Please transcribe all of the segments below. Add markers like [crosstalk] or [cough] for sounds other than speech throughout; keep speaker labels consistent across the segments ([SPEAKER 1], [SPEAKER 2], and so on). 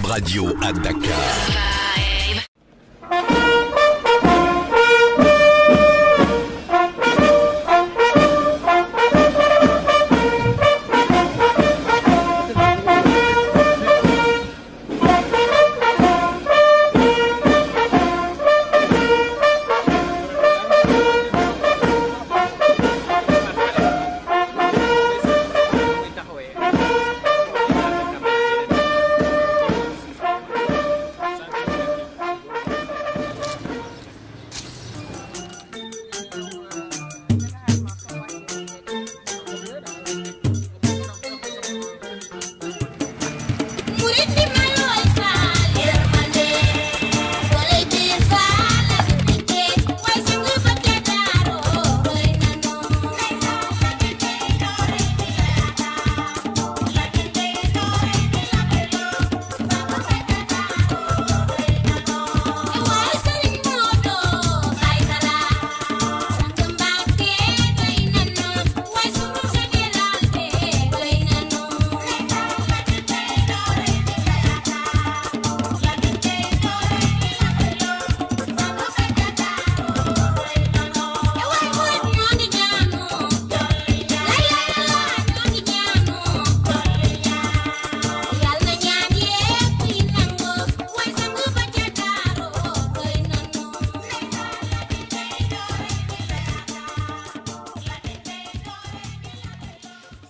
[SPEAKER 1] Radio à Dakar.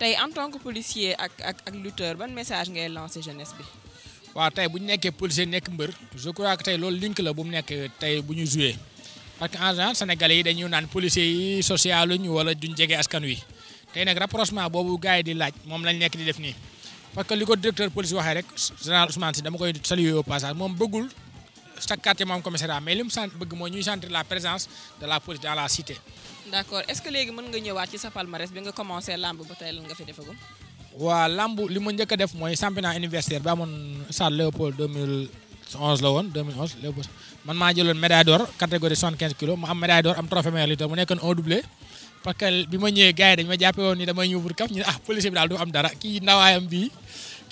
[SPEAKER 2] tey en tant que policier ak ak ak lutteur ban message ngay lancer jeunesse bi.
[SPEAKER 1] waaw tey bu ñu nekkee policier nekk mbër je crois que tey loolu link la bu mu nekk tey bu ñu joué parce que en général sénégalais yi dañu naan policier yi social luñ wala duñ jege askan wi tey nag rapprochement boobu gars yi di laaj moom lañ nekk di def nii. parce que li ko directeur police waxee rek général Ousmane si dama koy saluer au passage moom bëggul chaque quartier mom commissariat mais lim centre bëgg mo ñuy centre la présence de la police dans la cité.
[SPEAKER 2] d'accord est ce que légui mën nga ñëwaat ci sa palmarès bi nga commencé lamb ba tay lan nga fi defagum.
[SPEAKER 1] wa lamb li mo ñëk def moy championnat universitaire ba mon Stade leopold 2011 la won 2011 leopold man ma jëlone médaille d'or catégorie 75 kg ma am médaille d'or am trophée meilleur lutteur mu nekkoon un doublé. parce que bima ñëwé gaay dañ ma jappé won ni dama ñëw pour kaf ñu ah police bi dal du am dara ki ndawaayam bi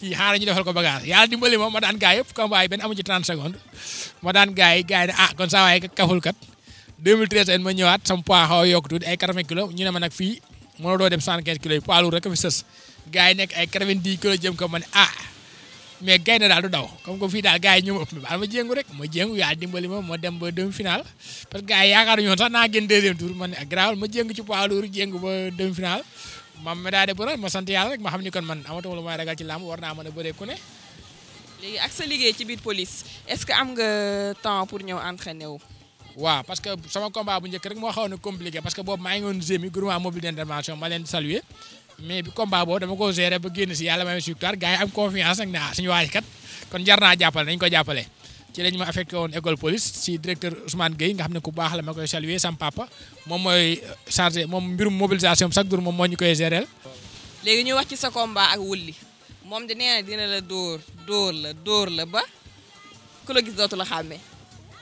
[SPEAKER 1] kii xaaral ñu defal ko bagage yàlla dimbali ma ma daan gaa yëpp combat ah, a yokk tuuti ay 80 fii a fi ma ne ah, daal du daw comme que fii daal gaa ñoom ëpp baal ma jéngu rek dimbali ma ma dem ba demi finale parce que gaa yi yaakaaruñu sax naa génn deuxième tour ma ne ah garaawal ma jéngu ci poids lourd ba demi finale ma médaille de bronze ma sant yàlla rek ma xam ni kon man amatuma lu may ci làmb war naa mën a bëree ku ne.
[SPEAKER 2] léegi ak sa liggéey ci biir police est-ce que am nga temps pour ñëw entraîner wu.
[SPEAKER 1] waaw parce que sama combat bu njëkk rek moo xawoon na compliqué parce que boobu maa ngi woon GMI groupement mobile d'intervention ma leen saluer mais bi combat boobu dama ko gérer ba génn si yàlla may victoire gars yi am confiance nag ne ah suñu waaj kat kon jar naa jàppal nañu ko jàppale. ci lañ ma affecté woon école police si directeur Ousmane Gueye nga xam ne ku baax la ma koy saluer sam papa moom mooy chargé moom mbirum mobilisation chaque jour moom moo ñu koy gérer.
[SPEAKER 2] léegi ñu wax ci sa combat ak wulli moom de nee na dina la dóor dóor la dóor la ba ku la gis dootu la xàmmee.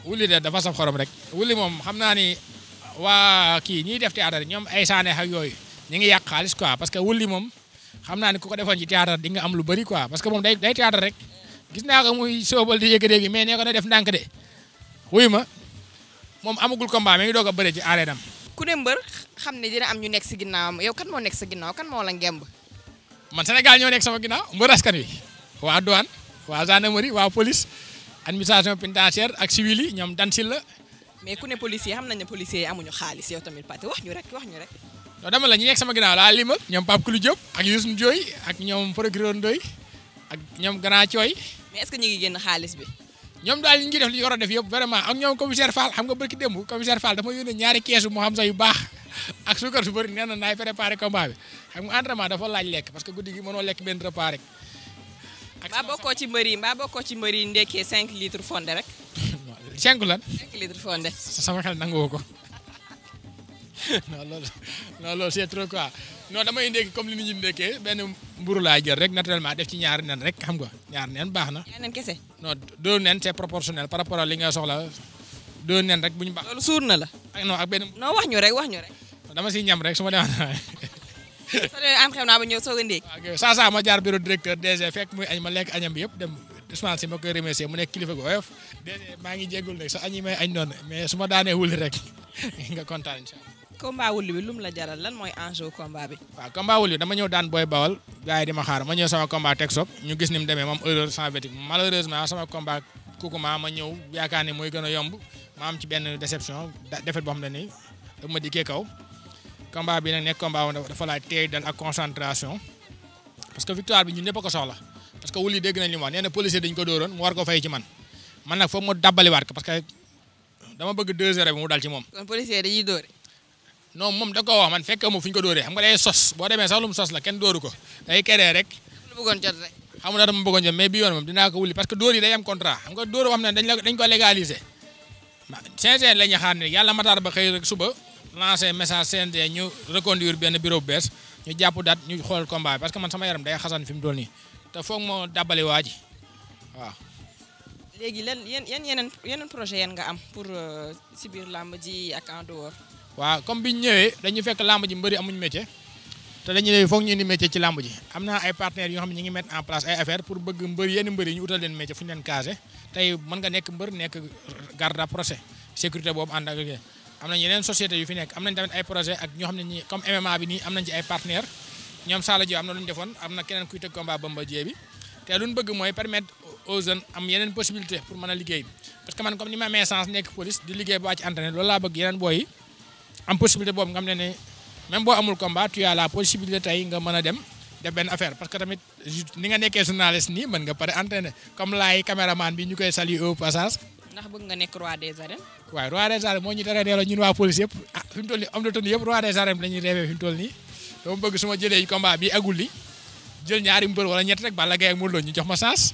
[SPEAKER 1] wulli de dafa saf xorom rek wulli moom xam naa ni waa kii ñiy def théâtre ñoom ay saane ak yooyu ñu ngi yàq xaalis quoi parce que wulli moom xam naa ni ku ko defoon ci théâtre di nga am lu bëri quoi parce que moom day day théâtre rek. gis naa ko muy soobal di yëkkatee gi mais ko na def ndànk de wuyu ma moom amagul combat mi ngi doog a bëre ci arène
[SPEAKER 2] ku ne mbër xam ne dina am ñu nekk si ginnaawam yow kan moo nekk sa ginnaaw kan moo la ngemb.
[SPEAKER 1] man Sénégal ñoo nekk sama ginnaaw mbër askan wi waa douane waa gendarmerie waa police administration pénitentiaire ak civil yi ñoom dansil la.
[SPEAKER 2] mais ku ne policier
[SPEAKER 1] xam nañ ne policier yi amuñu xaalis yow tamit Pathé wax ñu rek wax ñu rek. non dama la ñu sama ginnaaw laa limal ñoom Pape Koulou Diop ak Youssou Ndoye ak ñoom procureur Ndoye. ak ñoom grand cooy. mais est-ce que ñu ngi génn xaalis bi. ñoom daal ñu ngi def li ñu a def yëpp vraiment ak ñoom commissaire Fall xam nga barki démb commissaire Fall dafa yónnee ñaari keesu moo xam sa yu baax ak suukar su bëri naay préparé combat bi parce que guddi gi mënoo lekk benn repas rek.
[SPEAKER 2] ak mbaa bokkoo ci mbër yi mbaa bokkoo ci mbër yi ndekkee 5 litres fondé rek. 5 [laughs] lan. 5 litres fondé.
[SPEAKER 1] sama xel nangoo ko. [laughs] non loolu non loolu c'est trop quoi non damay ndékki comme li nit ñi benn mburu laa jël rek naturellement def ci ñaari nen rek xam nga ñaari nen baax na. ñaari nen kese. non deux nen par rapport ak li nga soxla deux nen rek bu ñu baax. loolu suur na la. ak ah, non ak benn. non wax ñu rek wax ñu rek. dama si ñam rek su ma demee. soo demee entraînement ba ñëw soog a ndékki. waaw saa saa ma jaar bureau directeur DG fekk muy añ ma lekk yëpp dem. Ousmane si ma koy remercier mu nekk maa ngi jéggul nag sa añi may añ noonu mais su ma daanee wuli rek [laughs] nga kontaan incha
[SPEAKER 2] combat wulli bi lum la jaral lan mooy enjeu combat bi. waaw
[SPEAKER 1] combat wulli dama ñëw daan booy bawal gars yi di ma xaar ma ñëw sama combat teg soog ñu gis ni mu demee moom erreur sans verdict malheureusement sama combat kukuma ma ñëw yaakaar ne mooy gën a yomb ma ci benn déception defet boo xam ne nii dafa kaw. combat bi nag nekk combat woon dafa laaj teey ak concentration a ko soxla parce que wulli dégg nañ li mu wax nee na policier dañu ko dóoroon mu war ko fay ci man man nag foog ma dabbaliwaat ko parce que dama bëgg deux heures bi mu dal ci moom. kon policier dañuy no moom da koo wax man fekke mu fu ñu ko dóoree xam nga day sos boo demee sax lu mu sos la kenn dóoru ko day keree rek xam nga dama bëggoon jot mais bi yoon moom dinaa ko wuli parce que dóor yi day am contrat xam nga dóor xam ne ne yàlla mataar ba xëy rek suba lancé message CNG ñu reconduire benn bureau bu bees jàpp date ñu xool combat parce que man sama yaram day xasan fi mu toll nii te foog moo dàbbale waa ji waaw
[SPEAKER 2] léegi lan yan yan yeneen yeneen projet yan nga am pour euh, si biir làmb
[SPEAKER 1] ji ak en waaw comme biñ ñëwee dañu fekk làmb ji mbëri amuñ métier te dañu ne foog ñu indi métier ci làmb ji am na ay partenaires yoo xam ne ñu ngi mettre en place ay affaire pour bëgg mbëri yenn mbëri ñu utal leen métier fu ñu leen nekk mbër nekk garde procès sécurité boobu ànd ak am nañ yeneen société yu fi nekk am nañ tamit ay projet ak ñoo xam ne ñi comme MMA bi nii am nañ ci ay partenaires ñoom Sala Diop am na lu ñu defoon am na keneen kuy tëgg combat Bamba Dié bi te lu bëgg mooy permettre aux jeunes am yeneen possibilité pour mën a liggéey parce que man comme ni ma amee chance nekk am possibilité boobu nga xam ne ne même boo amul combat tu as la possibilité tey nga mën a dem def benn affaire parce que tamit ni nga nekkee journaliste nii mën nga pare entraîner comme laay caméraman bi ñu koy saluer au passage.
[SPEAKER 2] ndax bëgg nga nekk roi des arènes.
[SPEAKER 1] waaw roi des arènes moo ñu tere delloo ñun waa police yëpp ah, nii homme de bëgg su jëlee combat bi agul li jël ñaari mbër wala ñett rek Balla Gaye ak ñu jox ma chance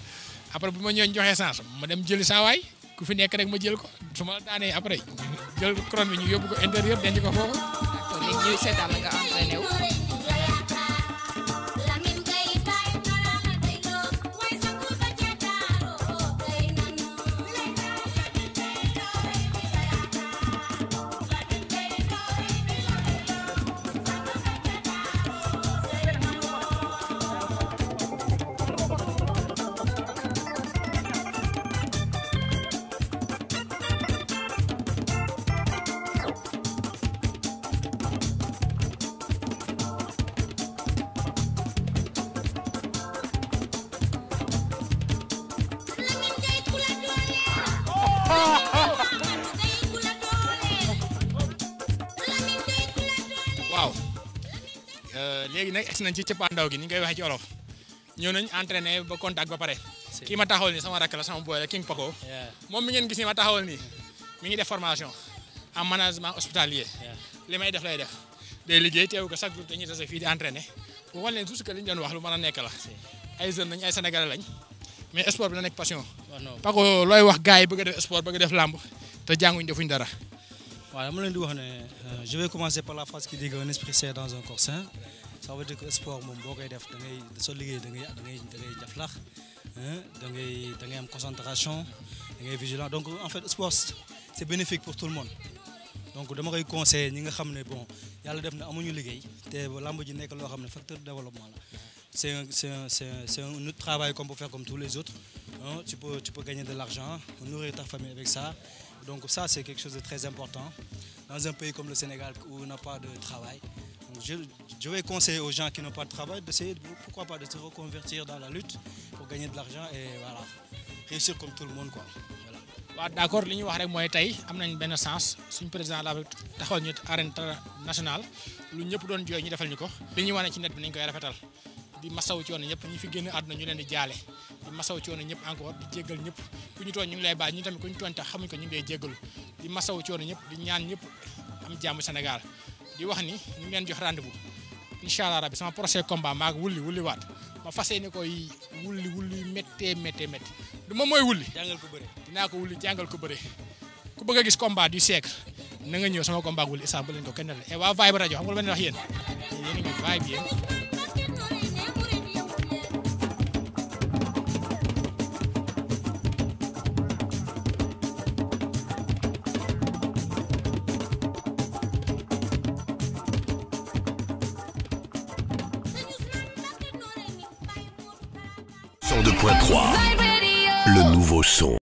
[SPEAKER 1] après bu ma ñëwee ñu joxee dem jëli saawaay ku fi nekk rek ma jël ko suma ma daanee après jël couronne bi ñu yóbbu ko intérieur denc ko foofu. d'accord léegi ñuy nga entraîné Wow, euh, léegi nag egsi nañ ci cëppaandaw gi ni ngay waxee ci olof ñëw nañ entraîné ba contact pare kii ma taxawal nii sama rakk la sama boy la King Paco moom mi ngeen gis ni ma taxawal nii mi ngi def formation en management hospitalier li may def lay def day liggéey teew ko chaque jour dañuy tase fii di entraîné bu wan leen toujours que li ñu doon wax lu mën a nekk la ay jeunes ay sénégalais lañ mais sport bi na nekk passion Paco looy wax gars yi bëgg a def sport bëgg a def te Voilà, euh, je vais commencer par la phrase qui dit qu'un esprit sain dans un corps sain. Ça veut dire que l'espoir, mon bon, de faut faire une concentration, une vigilance. Donc, en fait, l'espoir, c'est bénéfique pour tout le monde. donc dama vous conseille ñi nga xam bon yàlla def na amuñu liggéey lamb ji facteur de développement c'est un c'est un c'est travail comme peut faire comme tous les autres Hein, tu, peux, tu peux gagner de l'argent, hein, nourrir ta famille avec ça. Donc ça, c'est quelque chose de très important. Dans un pays comme le Sénégal où on n'a pas de travail, je, vais conseiller aux gens qui n'ont pas de travail d'essayer, pourquoi pas, de se reconvertir dans la lutte pour gagner de l'argent et voilà, réussir comme tout le monde. Quoi. Voilà. waaw une bonne li Je wax rek mooy président la taxawal ñu arène nationale lu avons doon jooy ñu defal ñu di masaw coono ñëpp ñi fi génn àdduna ñu leen di jaale di masaw coono ñëpp encore di jéggal ñëpp ku ñu tooñ ñu ko ñu ngi lay jéggalu di masaw coono ñëpp di ñaan ñëpp am jàmm Sénégal di wax ni ñu ngi leen jox rendez-vous incha allah rabi sama procès combat maag wulli wulli waat ma fas yéene wulli wulli méttee méttee du ma mooy wulli. jàngal ko bëre dinaa ko wulli jàngal ko bëre ku bëgg a gis combat du siècle na nga ñëw sama combat wulli instant bu leen ko kenn et eh, waa Vibe rajo xam nga lu ma leen wax a 2.3, Le nouveau son.